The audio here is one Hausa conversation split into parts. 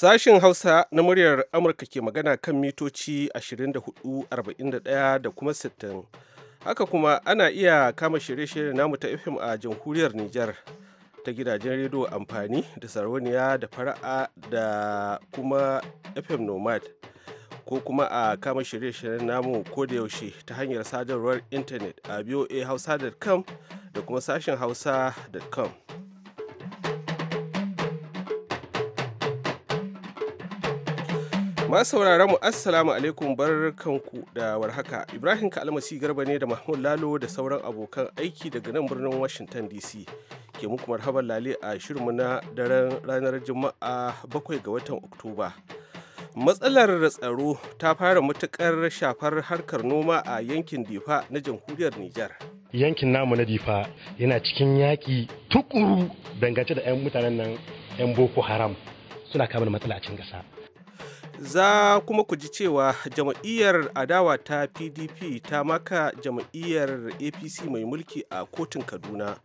Sashen Hausa na muryar Amurka ke magana kan mitoci 24,41 da kuma 60. Haka kuma ana iya kama shirye-shiryen namu ta FM a jamhuriyar Nijar ta gidajen rediyo amfani da sarauniya da fara'a da kuma FM Nomad. Ko kuma a kama shirye-shiryen namu da yaushe ta hanyar sadarwar intanet a voahausa.com da kuma sashen hausa.com. Masu sauraron mu assalamu alaikum barkanku da warhaka. Ibrahim Kalmasi Garba ne da Mahmud Lalo da sauran abokan aiki daga nan birnin Washington DC. Ke muku marhaban lale a shirinmu na daren ranar Juma'a bakwai ga watan Oktoba. Matsalar tsaro ta fara matukar shafar harkar noma a yankin Difa na jamhuriyar Nijar. Yankin namu na Difa yana cikin yaƙi tukuru dangance da 'yan mutanen nan 'yan Boko Haram suna kama da matsala a cikin gasa. za kuma ku ji cewa jam'iyyar adawa ta pdp ta maka jam'iyyar apc mai mulki a kotun kaduna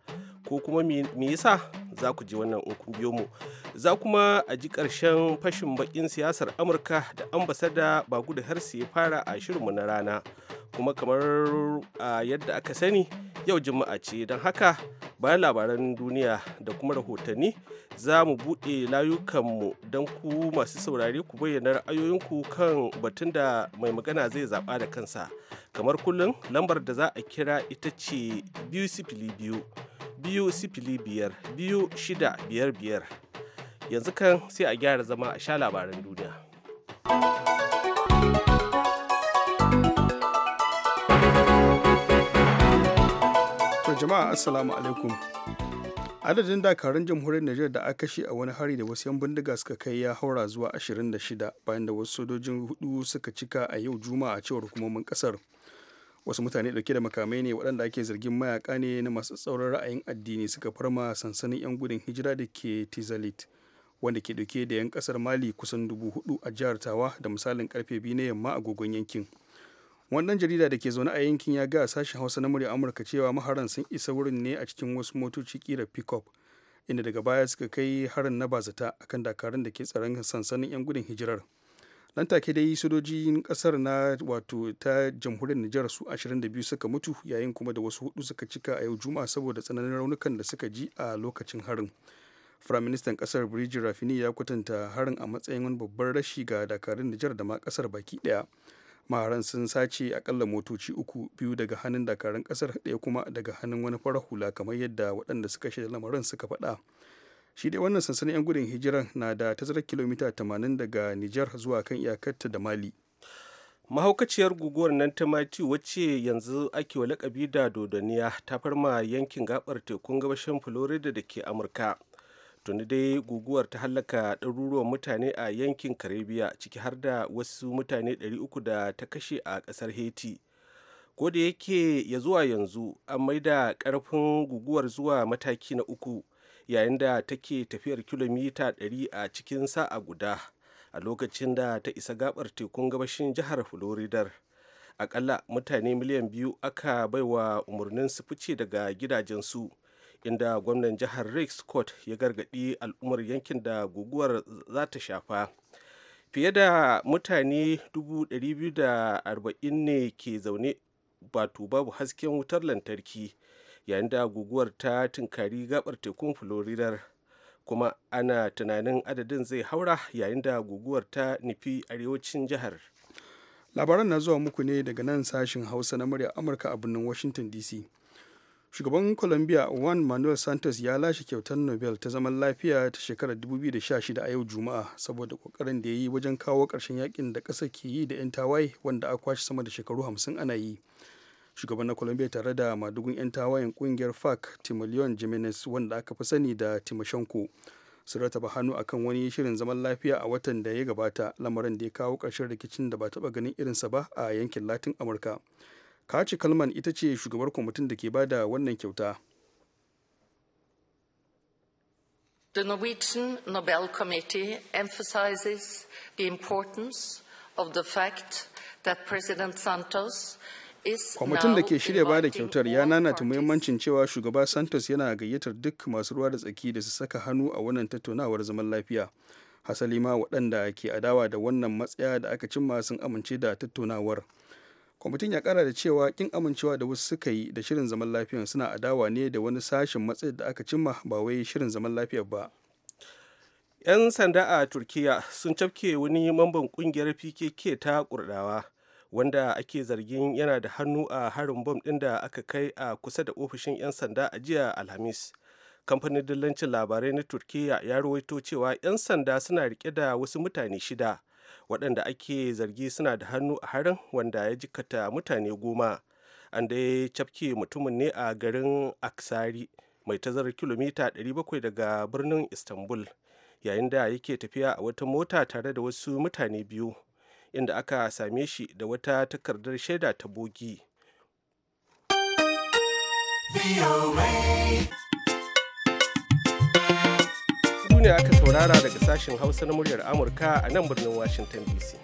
ko kuma me yasa za ku ji wannan in mu za kuma a ji ƙarshen fashin bakin siyasar amurka da ambasada bagu da harsi ya fara a shirin mu na rana kuma kamar a yadda aka sani yau juma'a ce don haka bayan labaran duniya da kuma rahotanni za mu buɗe layukanmu don ku masu saurari ku bayyana ra'ayoyinku kan batun da mai magana zai zaɓa da kansa kamar kullum lambar da za a kira ita ce biyu sifili biyu biyu sifili biyar biyu shida biyar biyar yanzu kan sai a gyara zama a sha labaran duniya jama'a assalamu alaikum adadin dakarun jamhuriyar Najeriya da aka kashe a wani hari da wasu 'yan bindiga suka kai ya haura zuwa 26 bayan da wasu sojojin hudu suka cika a yau juma'a cewar hukumomin kasar wasu mutane dauke da makamai ne waɗanda ake zargin mayaka ne na masu tsauran ra'ayin addini suka farma sansanin 'yan gudun hijira da ke tizalit wanda ke dauke da 'yan kasar mali kusan dubu hudu a jihar tawa da misalin karfe biyu na yamma agogon yankin wannan jarida da ke zaune a yankin ya ga sashen hausa na murya amurka cewa maharan sun isa wurin ne a cikin wasu motoci kira pickup inda daga baya suka kai harin na bazata akan dakarun da ke tsaron sansanin 'yan gudun hijirar nan take dai sojojin kasar na wato ta jamhuriyar nijar su 22 suka mutu yayin kuma da wasu hudu suka cika a yau juma'a saboda tsananin raunukan da suka ji a lokacin harin minister kasar Bridge rafini ya kwatanta harin a matsayin wani babban rashi ga dakarun nijar da ma kasar baki daya maharan sun sace akalla motoci uku biyu daga hannun dakarun kasar daya kuma daga hannun wani fara hula kamar yadda waɗanda suka shaida lamarin suka faɗa shi dai wannan sansanin 'yan gudun hijiran na da tazarar kilomita 80 daga nijar zuwa kan iyakarta da mali mahaukaciyar guguwar nan ta mati wacce yanzu ake wa lakabi da dodoniya ta farma yankin gabar tekun gabashin florida da ke amurka tuni dai guguwar ta hallaka ɗaruruwan mutane a yankin karibiya ciki har da wasu mutane 300 da ta kashe a ƙasar haiti ko da yake ya zuwa yanzu an maida ƙarfin guguwar zuwa mataki na uku yayin da take tafiyar kilomita 100 a cikin sa'a guda a lokacin da ta isa gabar tekun gabashin jihar floridar akalla mutane miliyan biyu aka baiwa umarnin su fice daga gidajensu inda gwamnan jihar rick scott ya gargadi al'ummar yankin da guguwar za ta shafa fiye da mutane 240 ne ke zaune wato babu hasken wutar lantarki yayin da guguwar ta tinkari gabar tekun florida kuma ana tunanin adadin zai haura yayin da guguwar ta nufi arewacin jihar labaran na zuwa muku ne daga nan sashin hausa na murya amurka a birnin washington dc shugaban colombia juan manuel santos ya lashe kyautar nobel ta zaman lafiya ta shekarar 2016 a yau juma'a saboda kokarin da ya yi wajen kawo ƙarshen yakin da ƙasa ke yi da 'yan tawaye wanda a kwashe sama da shekaru 50 ana yi shugaban na colombia tare da madugun 'yan tawayen kungiyar fac timoleon jimenez wanda aka fi sani da timoshenko su rataba hannu akan wani shirin zaman lafiya a watan da ya gabata lamarin da ya kawo karshen rikicin da ba taɓa ganin irinsa ba a yankin latin amurka kaci kalman ita ce shugabar kwamitin da ke bada wannan kyauta The Norwegian Nobel Committee emphasizes the importance of the fact that President Santos kwamitin da ke shirya ba da kyautar ya nanata muhimmancin cewa shugaba santos yana gayyatar duk masu ruwa da tsaki da su saka hannu a wannan tattaunawar zaman lafiya hasali ma waɗanda ke adawa da wannan matsaya da aka cimma sun amince da tattaunawar kwamitin ya kara da cewa kin amincewa da wasu suka yi da shirin zaman lafiyan suna adawa ne da wani sashen matsayi da aka cimma ba wai shirin zaman lafiyar ba 'yan sanda a turkiya sun cafke wani mamban kungiyar pkk ta kurdawa wanda ake zargin yana da hannu a harin bom ɗin da aka kai a kusa da ofishin 'yan sanda a jiya alhamis kamfanin dillancin labarai na turkiya ya rawaito cewa 'yan sanda suna rike da wasu mutane shida waɗanda ake zargi suna da hannu a harin wanda ya jikata mutane goma an ya cafke mutumin ne a garin aksari mai tazarar kilomita 700 daga birnin istanbul yayin da yake tafiya a wata mota tare da wasu mutane biyu inda aka same shi da wata takardar shaida ta bogi duniya aka saurara daga sashen hausa na muryar amurka a nan birnin washington dc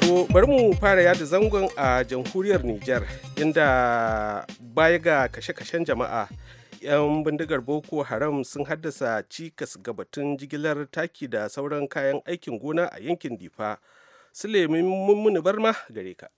To bari mu fara yada zangon a jamhuriyar Nijar inda baya ga kashe-kashen jama'a 'yan bindigar boko haram sun haddasa cikas ga batun jigilar taki da sauran kayan aikin gona a yankin difa sulemin mummuni barma gare ka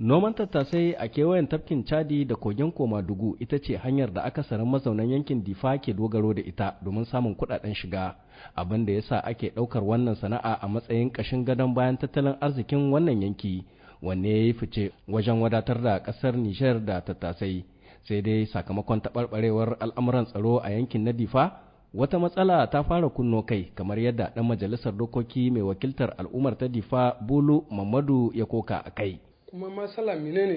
noman tattasai a kewayen tafkin chadi da kogin koma dugu ita ce hanyar da aka sarin mazaunan yankin difa ke dogaro da ita domin samun kudaden shiga abin da yasa ake daukar wannan sana'a a matsayin kashin gadon bayan tattalin arzikin wannan yanki wanne ya yi fice wajen wadatar da kasar nijar da tattasai sai dai sakamakon taɓarɓarewar al'amuran tsaro a yankin na difa wata matsala ta fara kunno kai kamar yadda ɗan majalisar dokoki mai wakiltar al'ummar ta difa bulu mamadu ya koka a kai kuma matsala menene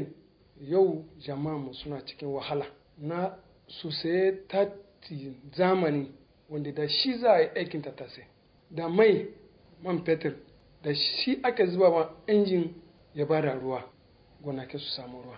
yau jama'a mu suna cikin wahala na su saye tati zamani wanda da shi za a yi aikin tattase da mai man fetur da shi aka zuba ma injin ya bada ruwa gonake su samu ruwa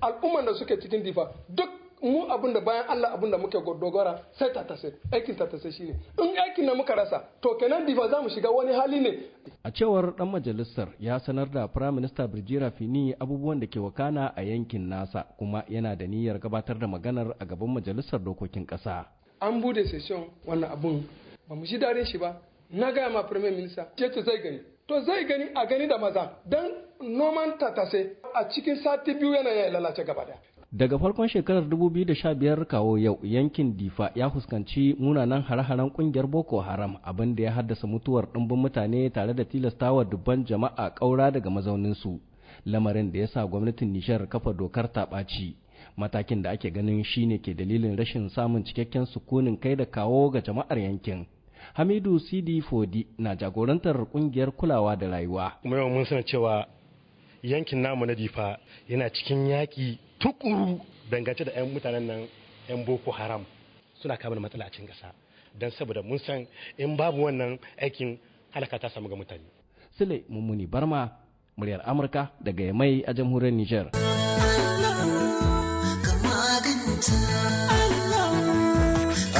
al'umman da suke cikin difa duk mu abin da bayan Allah abin da muke dogara sai ta tase aikin ta tase shine in aikin na muka rasa to kenan difa za mu shiga wani hali ne a cewar dan majalisar ya sanar da prime minister Birjira Fini abubuwan da ke wakana a yankin nasa kuma yana da niyyar gabatar da maganar a gaban majalisar dokokin kasa an bude session wannan abun ba mu ji dare shi ba na gaya ma Prime minister ce zai gani to zai gani a gani da maza don noman tatase a cikin sati biyu yana ya lalace gaba da daga farkon shekarar 2015 kawo yau yankin difa ya fuskanci munanan hare-haren kungiyar boko haram abin da ya haddasa mutuwar ɗumbin mutane tare da tilastawa dubban jama'a ƙaura daga mazauninsu lamarin da ya sa gwamnatin nishar kafa dokar taɓaci matakin da ake ganin shine ke dalilin rashin samun cikakken sukunin kai da kawo ga jama'ar yankin Hamidu CD Fodi na jagorantar kungiyar kulawa da rayuwa. Kuma yau mun san cewa yankin namu na Difa yana cikin yaƙi tukuru dangance da 'yan mutanen nan 'yan Boko Haram suna kama da matsala a cikin ƙasa. dan saboda mun san in babu wannan aikin halaka ta samu ga mutane. Sule Mummuni Barma, muryar Amurka daga Yamai a jamhuriyar Nijar.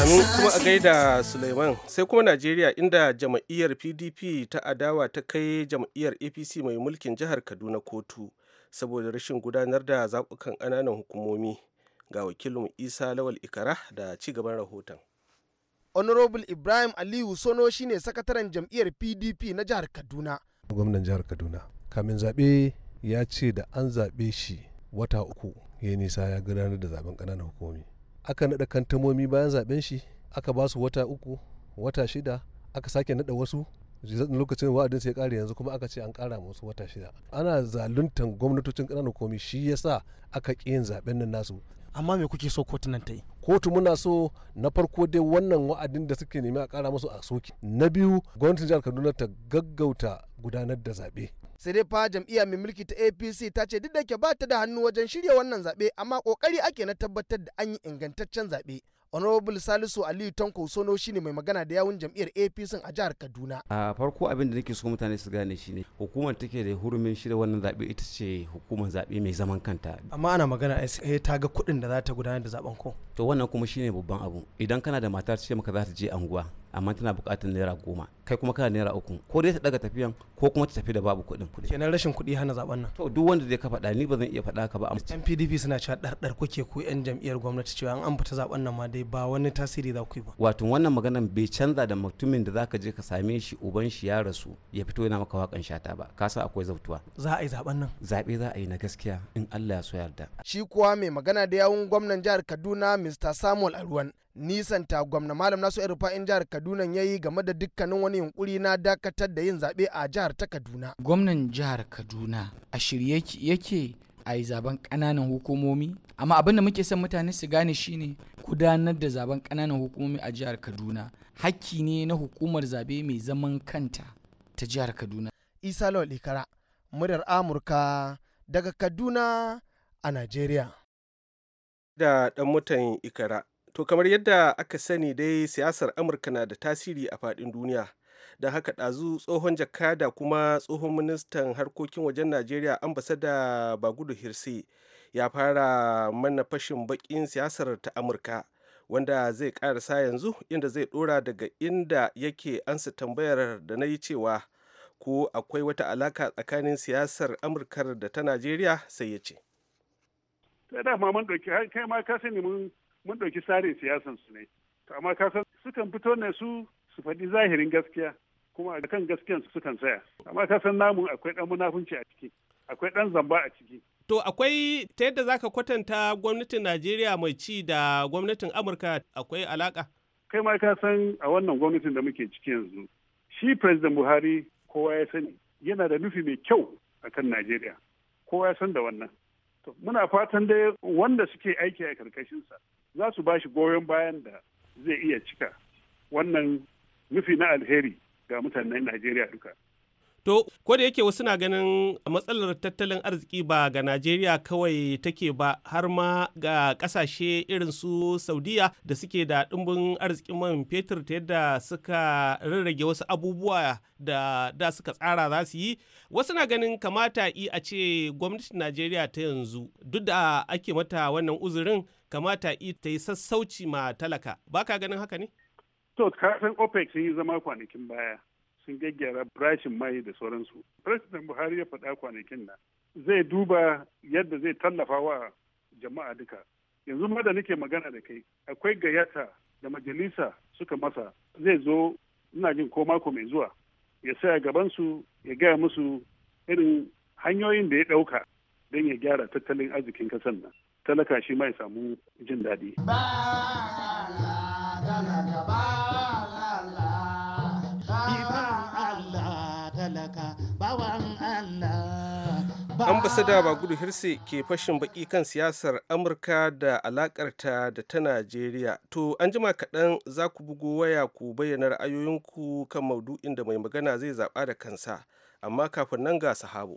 Amin kuma a gaida Sulaiman sai kuma Najeriya inda jam'iyyar PDP ta adawa ta kai jam'iyyar APC mai mulkin jihar Kaduna kotu saboda rashin gudanar da zaɓukan ƙananan hukumomi ga wakilin Isa Lawal Ikara da ci gaban rahoton. Honorable Ibrahim Aliyu Sono shine sakataren jam'iyyar PDP na jihar Kaduna. Gwamnan jihar Kaduna kamin zaɓe ya ce da an zaɓe shi wata uku ya nisa ya gudanar da zaben ƙananan hukumomi. aka naɗa kantamomi bayan zaɓen shi aka ba su wata uku wata shida aka sake naɗa wasu lokacin wa'adin sai kare yanzu kuma aka ce an ƙara musu wata shida ana zaluntan gwamnatocin ƙananan komi shi yasa aka ƙi yin zaben nan nasu amma me kuke so kotu nan ta yi kotu muna so na farko dai wannan wa'adin da suke nemi a ƙara musu a soki na biyu gwamnatin jihar kaduna ta gaggauta gudanar da zaɓe sai jam'iyya mai mulki ta apc ta ce duk da ke ba ta da hannu wajen shirya wannan zaɓe amma kokari ake na tabbatar da an yi ingantaccen zaɓe honorable salisu aliyu tanko sono shine mai magana da yawun jam'iyyar apc a jihar kaduna a farko abin da nake so mutane su gane shine hukumar take da hurumin shirya wannan zaɓe ita ce hukumar zaɓe mai zaman kanta amma ana magana ai ta ga kuɗin da za ta gudanar da zaben ko to wannan kuma shine babban abu idan kana da matar ce maka za ta je anguwa amma tana buƙatar naira goma kai kuma kana naira uku ko dai ta daga tafiyan ko kuma ta tafi da babu kuɗin kuɗi kenan rashin kuɗi hana zaben nan to duk wanda zai ka faɗa ni ba zan iya faɗa ka ba amma PDP suna cewa ɗarɗar kuke ku yan jam'iyyar gwamnati cewa an fita zaben nan ma dai ba wani tasiri za ku yi ba wato wannan maganan bai canza da mutumin da zaka je ka same shi uban shi ya rasu ya fito yana maka wakan shata ba ka san akwai zautuwa za a yi zaben nan zabe za a yi na gaskiya in Allah ya so yarda shi kuwa mai magana da yawun gwamnan jihar Kaduna Mr Samuel Aruwan nisanta gwamna malam nasu in jihar Kaduna yayi game da dukkanin wani wani yunkuri na dakatar da yin zaɓe a jihar ta Kaduna. Gwamnan jihar Kaduna a shirye yake a yi zaben ƙananan hukumomi amma abin da muke son mutane su gane shine gudanar da zaben kananan hukumomi a jihar Kaduna hakki ne na hukumar zabe mai zaman kanta ta jihar Kaduna. Isa Lawal Ikara, muryar Amurka daga Kaduna a Najeriya. Da ɗan mutan Ikara, to kamar yadda aka sani dai siyasar Amurka na da tasiri a faɗin duniya. da haka ɗazu tsohon jakada kuma tsohon ministan harkokin wajen najeriya ambasada bagudu hirsi ya fara mana fashin bakin siyasar ta amurka wanda zai karasa yanzu inda zai dora daga inda yake ansa tambayar da na yi cewa ko akwai wata alaka tsakanin siyasar amurkar da ta najeriya sai ya ce eh, mun ɗauki kai tsarin siyasan su ne amma kasan sukan fito ne su su faɗi zahirin gaskiya kuma a kan gaskiyan su sukan tsaya amma ka san namun akwai dan munafunci a ciki akwai dan zamba a ciki to akwai ta yadda zaka kwatanta gwamnatin Najeriya mai ci da gwamnatin Amurka akwai alaka kai ma ka san a wannan gwamnatin da muke ciki yanzu shi president Buhari kowa ya sani yana da nufi mai kyau akan Najeriya kowa ya san da wannan to muna fatan dai wanda suke aiki a karkashin sa za su bashi goyon bayan da zai iya cika wannan nufi na alheri ga mutanen Najeriya duka. To, ko da yake wasu na ganin matsalar tattalin arziki ba ga Najeriya kawai take ba har ma ga kasashe irin su Saudiya da suke da ɗumbin arzikin man fetur ta yadda suka rarrage wasu abubuwa da da suka tsara za su yi. Wasu na ganin kamata yi a ce gwamnatin Najeriya ta yanzu duk da ake mata wannan uzurin kamata yi ta yi sassauci ma talaka. Ba ka ganin haka ne? To, kafin OPEC sun yi zama kwanakin baya sun gaggyara farashin mai da sauransu. President Buhari ya faɗa kwanakin nan zai duba yadda zai tallafa wa jama'a duka. Yanzu ma da nake magana da kai, akwai gayyata da majalisa suka masa zai zo ina jin ko mako mai zuwa ya saya gabansu ya gaya musu irin hanyoyin da ya ɗauka don ya gyara tattalin arzikin kasan nan. Talaka shi ma ya samu jin daɗi. Allah ambasada ba gudu hirse ke fashin baƙi kan siyasar amurka da alakarta da ta najeriya to an jima kaɗan za ku bugo waya ku bayyana ra'ayoyinku kan maudu'in da mai magana zai zaɓa da kansa amma kafin nan ga sahabu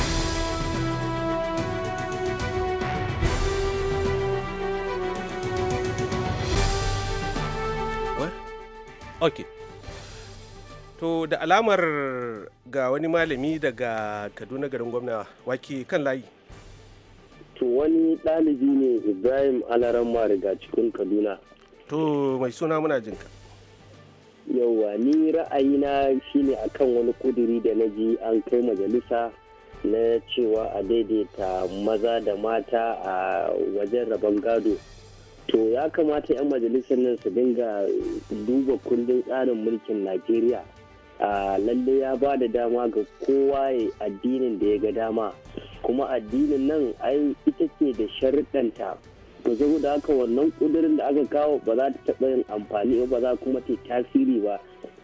ok to da alamar ga wani malami daga kaduna garin gwamna wake kan layi to wani ɗalibi ne ibrahim alaramma daga cikin kaduna to mai suna muna jinka yauwa ni ra'ayina shine akan wani kuduri da na ji an kai majalisa na cewa a daidaita maza da mata a wajen rabon gado to ya kamata 'yan majalisar nan su dinga duba kundin tsarin mulkin najeriya lalle ya ba da dama ga kowa ya addinin da ya ga dama kuma addinin nan ai ita ce da sharuɗanta zai da haka wannan ƙudurin da aka kawo ba za ta taɓa yin amfani ba za kuma ta tasiri ba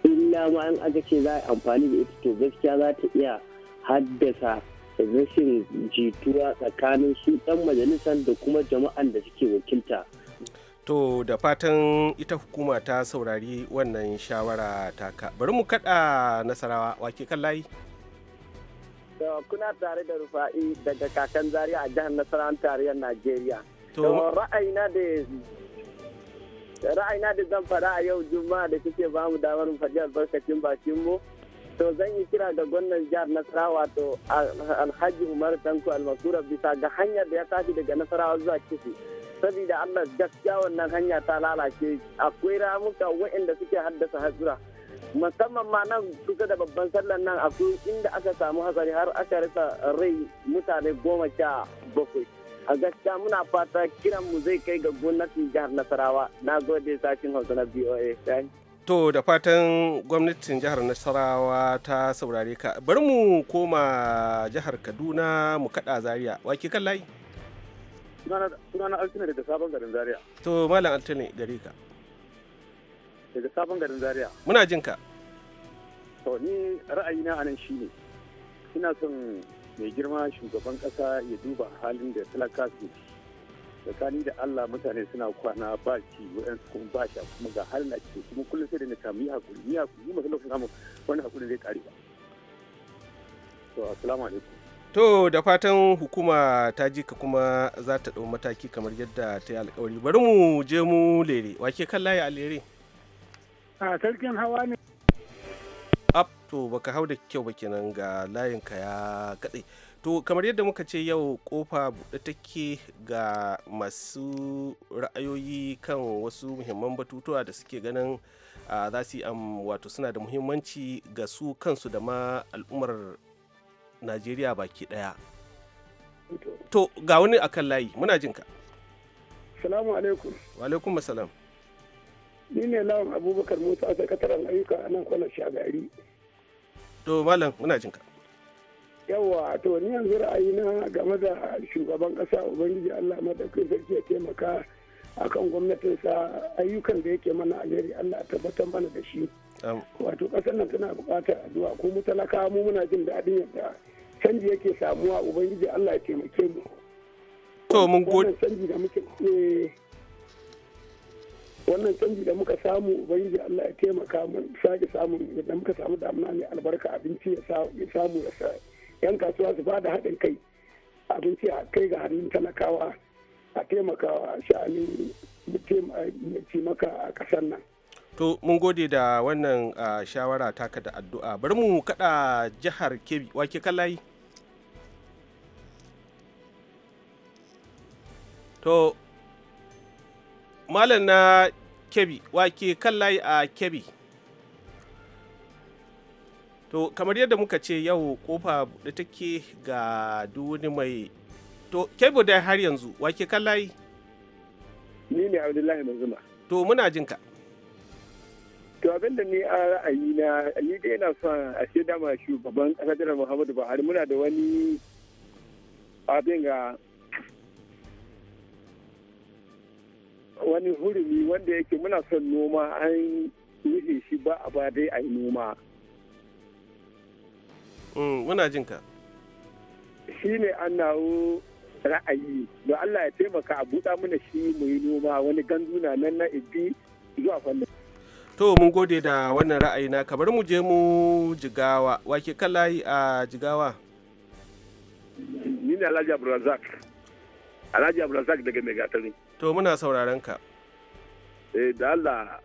illa ma an aka ce za a amfani da ita to gaskiya za ta iya haddasa rashin jituwa tsakanin su ɗan majalisar da kuma jama'an da suke wakilta to da fatan ita hukuma ta saurari wannan shawara taka bari mu kada nasarawa wake kan layi da kuna tare da rufa'i daga kakan zari a jihar nasarawa tarayyar najeriya to ra'ayina da ra'ayina da zan fara a yau juma'a da kike ba mu damar mu faɗi albarkacin bakin mu to zan yi kira ga gwamnan jihar nasarawa to alhaji umar tanko almasura bisa ga hanyar da ya tafi daga nasarawa zuwa kifi sabida Allah gaskiya wannan hanya ta lalace akwai ramuka waɗanda suke haddasa hasura musamman ma nan kusa da babban sallan nan akwai inda aka samu hatsari har aka rasa rai mutane goma sha bakwai a gaskiya muna fata kiran mu zai kai ga gwamnatin jihar nasarawa na gode sashin hausa na boa to da fatan gwamnatin jihar nasarawa ta saurare ka bari mu koma jihar kaduna mu kada zaria wake kan sunana altine daga sabon garin zaria to malam altine ka daga sabon garin zaria muna jin ka to ni ra'ayina a nan shine ina son mai girma shugaban kasa ya duba halin da talaka su tsakani da allah mutane suna kwana ba ci waɗansu kuma ba sha kuma ga halin a ke kuma kullum sai da na samu yi hakuri ni hakuri masu lokacin samun wani hakuri zai kare ba to assalamu alaikum To da fatan hukuma ta ji ka kuma za ta ɗau mataki kamar yadda ta yi alkawari. Bari mu je mu lere. Wake kan layi a lere? A sarkin hawa ne. Up to baka hau da kyau ba kenan ga layin ka ya katse. To kamar yadda muka ce yau kofa buɗe take ga masu ra'ayoyi kan wasu muhimman batutuwa da suke ganin a za su yi wato suna da muhimmanci ga su kansu da ma al'ummar najeriya baki daya to ga wani akan layi muna jinka salamu alaikum wa alaikum salam ni ne lawan abubakar musa sakataren ayyuka a nan kwanar shagari to malam muna jinka Yawwa to ni yanzu ra'ayina game da shugaban kasa ubangiji allah madaukakin sarki ya taimaka akan gwamnatinsa ayyukan da yake mana a Allah tabbatar mana da shi wato kasar nan tana bukatar addu'a ko mu talakawa mu muna jin daɗin yadda canji yake samuwa ubangiji Allah ya taimake mu to mun gode canji da muke eh, wannan canji da muka samu ubangiji Allah ya taimaka mu sake samu da muka samu damuna ne albarka abinci ya samu ya yan kasuwa su bada haɗin kai abinci a kai ga hannun talakawa a taimakawa sha'anin taimaka a ƙasar nan to mun gode da wannan shawara taka da addu'a bari mu kada jihar kebbi wake kallayi to malam na kebi wake kallayi a kebi to kamar yadda muka ce yau kofa da take ga duni mai to kebi da har yanzu wake kallayi ni ne abdullahi mazuma to muna jinka To abin da ni a ra'ayi na ni dai ina son a ce dama shugaban kasar jihar Muhammadu Buhari muna da wani abin ga wani hurumi wanda yake muna son noma an yi shi ba a ba dai a yi noma. Oh, muna jin ka. Shi ne an nawo ra'ayi da Allah ya taimaka a buɗa mana shi mu yi noma wani ganduna nan na ibi zuwa fannin. to mun gode da wannan ra'ayi na kamar mu je mu jigawa wake layi a jigawa ni ne alhaji abdulrazak alhaji abdulrazak daga megatari to muna sauraron ka eh da allah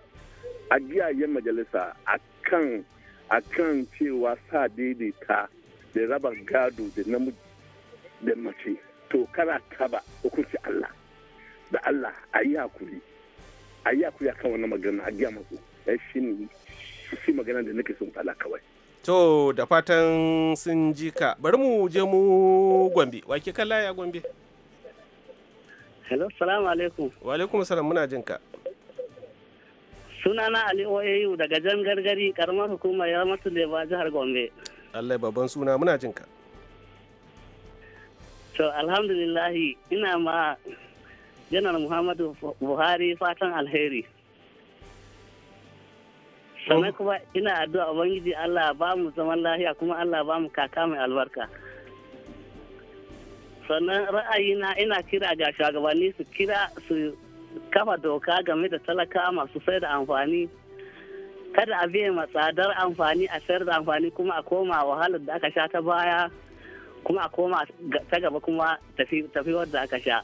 a giyayen majalisa akan akan cewa sa daidaita da raba gado da namiji da mace to kana taba hukunci allah da allah a yi hakuri a yi hakuri akan wannan magana a giya mako. Eh, shi shi magana da nake sun fala kawai to da fatan sun ji ka bari mu je mu gombe wake kalla ya gombe hello salamu alaikum wa alaikum salam muna jin ka sunana ali oau daga jan gargari karamar hukumar yamatu leba jihar gombe allah babban suna muna jin ka to alhamdulillahi ina ma janar muhammadu buhari fatan alheri sannan kuma ina addu'a ubangiji Allah ba mu zaman lafiya kuma Allah ba mu kaka mai albarka sannan ra'ayina ina kira ga shugabanni su kira su kafa doka game da talaka masu sai da amfani kada a biya ma tsadar amfani a sayar da amfani kuma a koma wahalar da aka sha ta baya kuma a koma ta gaba kuma tafiyar da aka sha.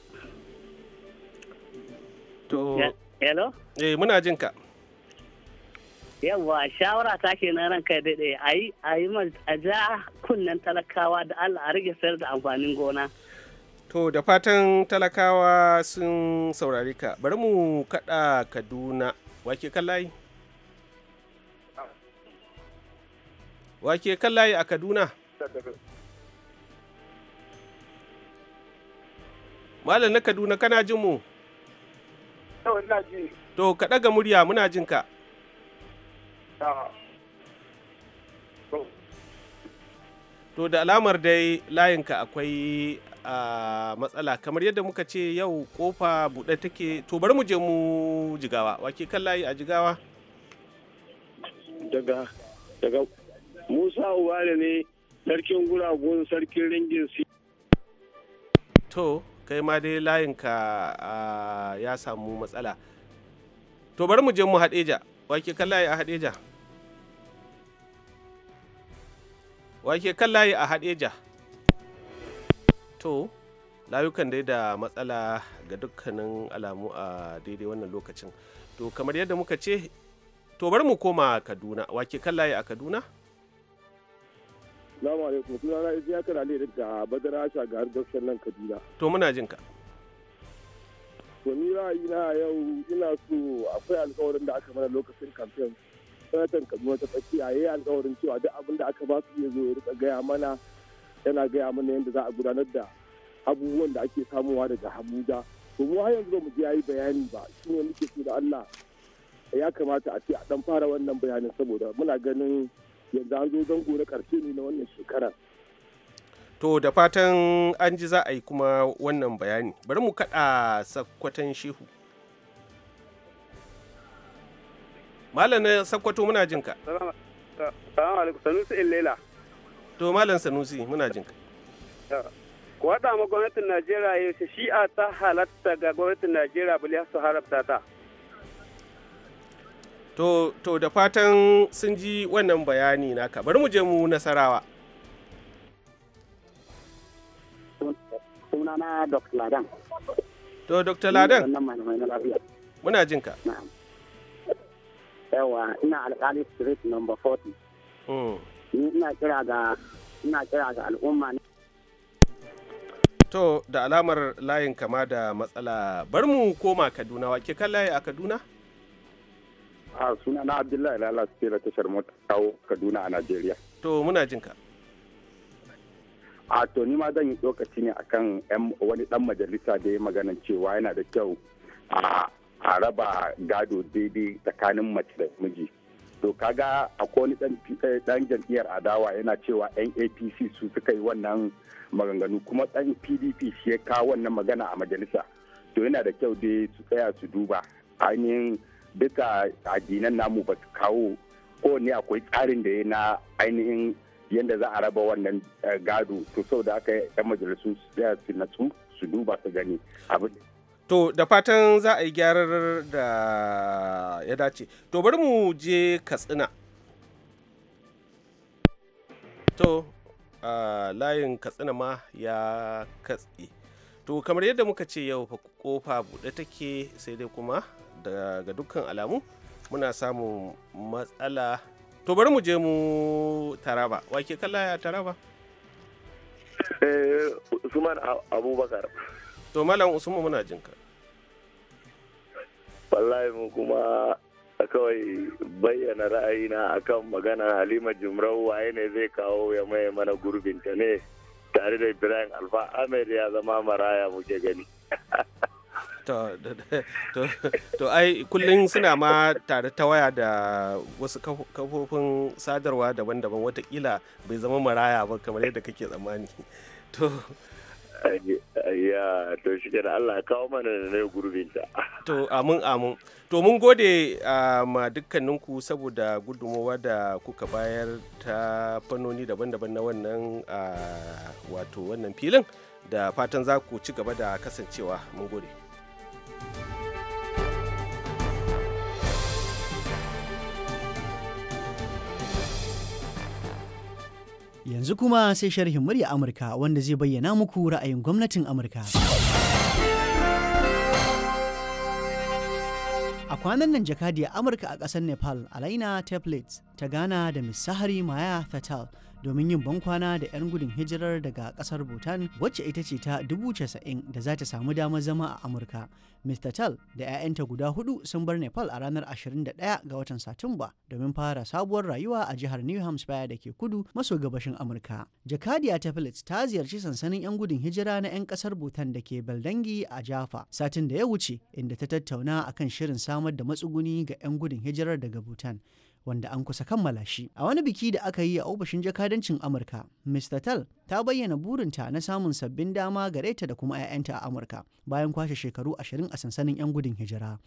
To, hello? Eh, muna jinka. yawwa shawara ta ke na ranka daidai, a yi a yi a ja kunnen talakawa da allah a rage sayar da amfanin gona to da fatan talakawa sun saurari ka bari mu kaɗa kaduna wake kallayi wake kallayi a kaduna malam na kaduna kana jin mu to ka ɗaga murya muna jin ka to da alamar dai layinka akwai a matsala kamar yadda muka ce yau kofa buɗe take to bari mu je mu jigawa wake kan layi a jigawa daga daga musa ubale ne sarkin guragun sarkin ringin si to kai ma dai layinka ya samu matsala to bari mu je mu haɗeja wake kan layi a haɗeja wake kan layi a ja. to layukan dai da matsala ga dukkanin alamu a daidai wannan lokacin to kamar yadda muka ce to bari mu koma kaduna wake kan layi a kaduna Salamu alaikum suna na isi yakar ali daga badara har dakshan nan kaduna to muna jinka to ni ra'ayi na yau ina so akwai alkawarin da aka mana lokacin kamfen sanatan kaduna ta tsakiya ya yi alkawarin cewa duk abin da aka ba su ya zo ya rika gaya mana yana gaya mana yadda za a gudanar da abubuwan da ake samuwa daga habuja to mu har yanzu mu je yayi bayani ba shi ne muke so da Allah ya kamata a ce a dan fara wannan bayanin saboda muna ganin yanzu an zo zango na karshe ne na wannan shekarar to da fatan an ji za a yi kuma wannan bayani bari mu kaɗa sakwatan shehu Malam na Sakkwato muna jin ka. Salamu alaikum Sanusi Illela. To Malam Sanusi muna jin ka. Ku haɗa ma gwamnatin Najeriya yaushe shi'a ta halatta ga gwamnatin Najeriya bali su harabta ta. To, to da fatan sun ji wannan bayani naka bari mu je mu nasarawa. Sunana Dr. Ladan. To, Dr. Ladan. Muna jinka. Na'am. yawa ina alkali street number 40 ni ina kira ga ina kira ga al'umma ne to da alamar layin kama da matsala bar mu koma kaduna wake kan layi a kaduna a suna na abdullahi lala da tashar mota kawo kaduna a najeriya to muna jinka a to ni ma zan yi tsokaci ne akan wani dan majalisa da ya magana cewa yana da kyau a a raba gado daidai tsakanin mace da miji to kaga akwai wani dan eh, jam'iyyar adawa yana cewa yan apc su suka yi wannan maganganu kuma ɗan pdp shi ya kawo wannan magana a majalisa to yana da kyau dai su tsaya su duba ainihin duka addinan namu ba su kawo kowanne akwai tsarin da ya na ainihin yadda za a raba wannan eh, gado to sau da aka yan majalisu su tsaya su natsu su duba su gani abin to da fatan za a yi gyarar da ya dace to bari mu je katsina to uh, layin katsina ma ya katse to kamar yadda muka ce yau kofa buɗe take sai dai kuma daga dukkan alamu muna samun matsala to bari mu je mu taraba wake kalla ya taraba eh, suman abubakar to malam usman muna jin wallahi mu kuma kawai bayyana ra'ayina kan magana halima jimrau waye ne zai kawo ya maye mana gurbinta ne tare da ibrahim alfa ahmed ya zama maraya muke gani to ai kullum suna ma tare ta waya da wasu kafofin sadarwa daban-daban watakila bai zama maraya ba kamar yadda kake tsammani to Ya, to shi Allah kawo mana da ne gurbinta. To, amin amin. To, mun gode ma dukkaninku saboda gudunmowa da kuka bayar ta fannoni daban-daban na wannan wato wannan filin da fatan za ku ci gaba da kasancewa. Mun gode. Yanzu kuma sai sharhin murya Amurka wanda zai bayyana muku ra'ayin gwamnatin Amurka. A kwanan nan jakadiyar Amurka a ƙasar Nepal, Alaina Tablet ta gana da Miss Maya Fatal, domin yin bankwana da 'yan gudun hijirar daga kasar Bhutan wacce ita ce ta 90,000 da za ta samu damar zama a Amurka. Mr. Tal da 'ya'yanta guda hudu sun bar Nepal a ranar 21 ga watan Satumba domin fara sabuwar rayuwa a jihar New Hampshire da ke kudu maso gabashin Amurka. Jakadiya ta Phillips ta ziyarci sansanin 'yan gudun hijira na 'yan kasar Bhutan da ke Baldangi a Jaffa satin da ya wuce inda ta tattauna akan shirin samar da matsuguni ga 'yan gudun hijirar daga Bhutan. wanda an kusa kammala shi. A wani biki da aka yi a ofishin jakadancin Amurka, Mr. Tal ta bayyana burinta na samun sabbin dama gareta da kuma 'ya'yanta a Amurka bayan kwashe shekaru ashirin a sansanin 'yan gudun hijira.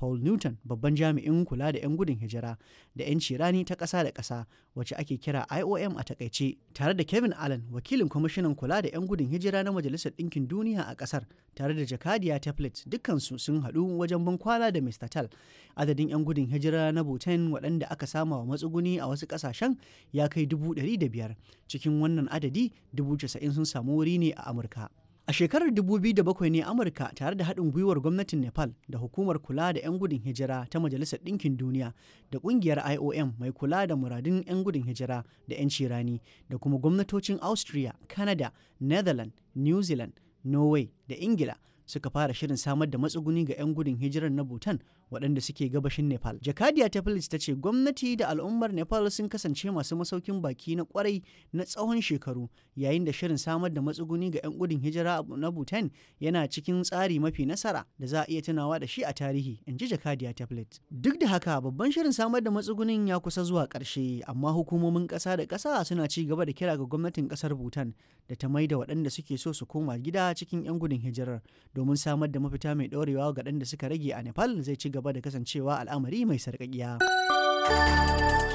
Paul Newton babban jami'in kula da 'yan gudun hijira da 'yanci rani ta ƙasa da ƙasa wacce ake kira IOM a takaice tare da Kevin Allen wakilin kwamishinan kula da 'yan gudun hijira na Majalisar Ɗinkin Duniya a ƙasar tare da Jakadiya Tablet dukkansu sun haɗu wajen bankwala da Mr. Tal adadin 'yan gudun hijira na Bhutan waɗanda aka sama wa matsuguni a wasu ƙasashen ya kai dubu ɗari da biyar cikin wannan adadi dubu casa'in sun samu wuri ne a Amurka. A shekarar 2007 ne Amurka tare da haɗin gwiwar gwamnatin Nepal da hukumar kula da 'yan gudun hijira ta Majalisar Ɗinkin Duniya da ƙungiyar IOM mai kula da muradun 'yan gudun hijira da 'yan cirani da kuma gwamnatocin Austria, Canada, Netherlands, New Zealand, Norway da Ingila suka fara shirin samar da matsuguni ga 'yan gudun hijirar na Bhutan waɗanda suke gabashin Nepal. Jakadiya ta ta ce gwamnati da al'ummar Nepal sun kasance masu masaukin baki na kwarai na tsawon shekaru yayin da shirin samar da matsuguni ga 'yan gudun hijira na Bhutan yana cikin tsari mafi nasara da za a iya tunawa da shi a tarihi, in ji Jakadiya ta Duk da haka babban shirin samar da matsugunin ya kusa zuwa ƙarshe amma hukumomin ƙasa da ƙasa suna ci gaba da kira ga gwamnatin ƙasar Bhutan da ta maida waɗanda suke so su koma gida cikin 'yan gudun hijirar domin samar da mafita mai ɗorewa ga ɗan da suka rage a Nepal zai ci gaba gaba da kasancewa al'amari mai sarƙaƙiya.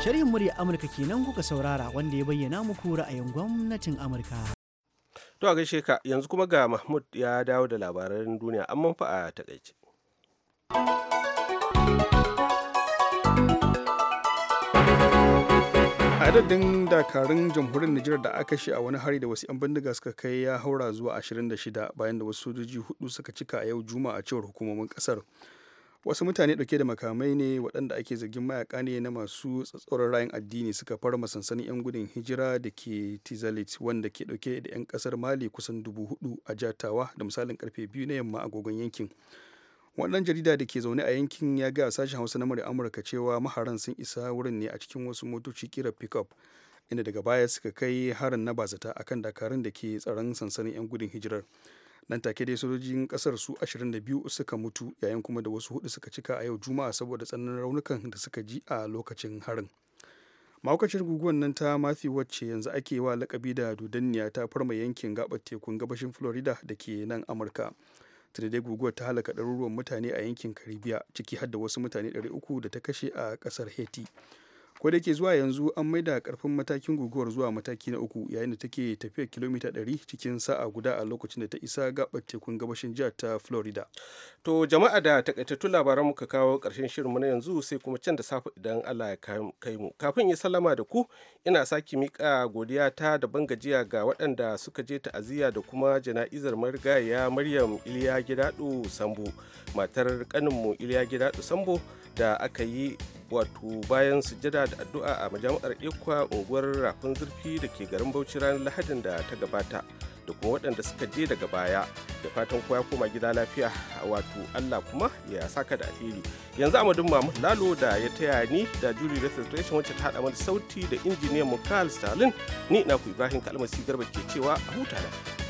Sharhin murya Amurka kenan kuka saurara wanda ya bayyana muku ra'ayin gwamnatin Amurka. To a gaishe ka yanzu kuma ga Mahmud ya dawo da labaran duniya amma fa a takaice. adadin dakarun jamhuriyar Nijar da aka shi a wani hari da wasu 'yan bindiga suka kai ya haura zuwa 26 bayan da wasu sojoji hudu suka cika a yau juma'a a cewar hukumomin kasar wasu mutane dauke da makamai ne waɗanda ake zargin mayaka ne na masu tsatsauran rayan addini suka fara sansanin 'yan gudun hijira da ke tizalit wanda ke dauke da 'yan kasar mali kusan dubu hudu a jatawa da misalin karfe biyu na yamma agogon yankin wannan jarida da ke zaune a yankin ya ga sashen hausa na murya amurka cewa maharan sun isa wurin ne a cikin wasu motoci kira pickup inda daga baya suka kai harin na bazata akan dakarun da ke tsaron sansanin 'yan gudun hijirar nan take dai sojojin kasar su 22 suka mutu yayin kuma da wasu hudu suka cika a yau juma'a saboda tsananin raunukan da suka ji a lokacin harin maukacin guguwan nan ta mafi wacce yanzu ake wa lakabi da dudanniya ta farma yankin gabar tekun gabashin florida da ke nan amurka trinidad guguwar ta halaka ɗaruruwan mutane a yankin caribbean ciki har da wasu mutane 300 da ta kashe a ƙasar haiti ko da ke zuwa yanzu an maida karfin matakin guguwar zuwa mataki na uku yayin da take tafiya kilomita 100 cikin sa'a guda a lokacin da ta isa gabar tekun gabashin jihar ta florida to jama'a da takaitattun labaran muka kawo karshen shirinmu na yanzu sai kuma can da safe idan allah ya kai mu kafin ya sallama da ku ina sake miƙa godiya ta da gajiya ga waɗanda suka je ta'aziyya da kuma jana'izar marigaya maryam iliya gidaɗu sambo matar kaninmu iliya gidaɗu sambo da aka yi wato bayan sujada da addu'a a majami'ar ikwa unguwar rafin zurfi da ke garin bauchi ranar lahadin da ta gabata da kuma waɗanda suka je daga baya da fatan kowa koma gida lafiya a wato allah kuma ya saka da alheri yanzu amadun mamu lalo da ya taya ni da da restoration wacce ta haɗa mana sauti da injiniyan mu carl stalin ni na ku ibrahim kalmasi garba ke cewa a huta na.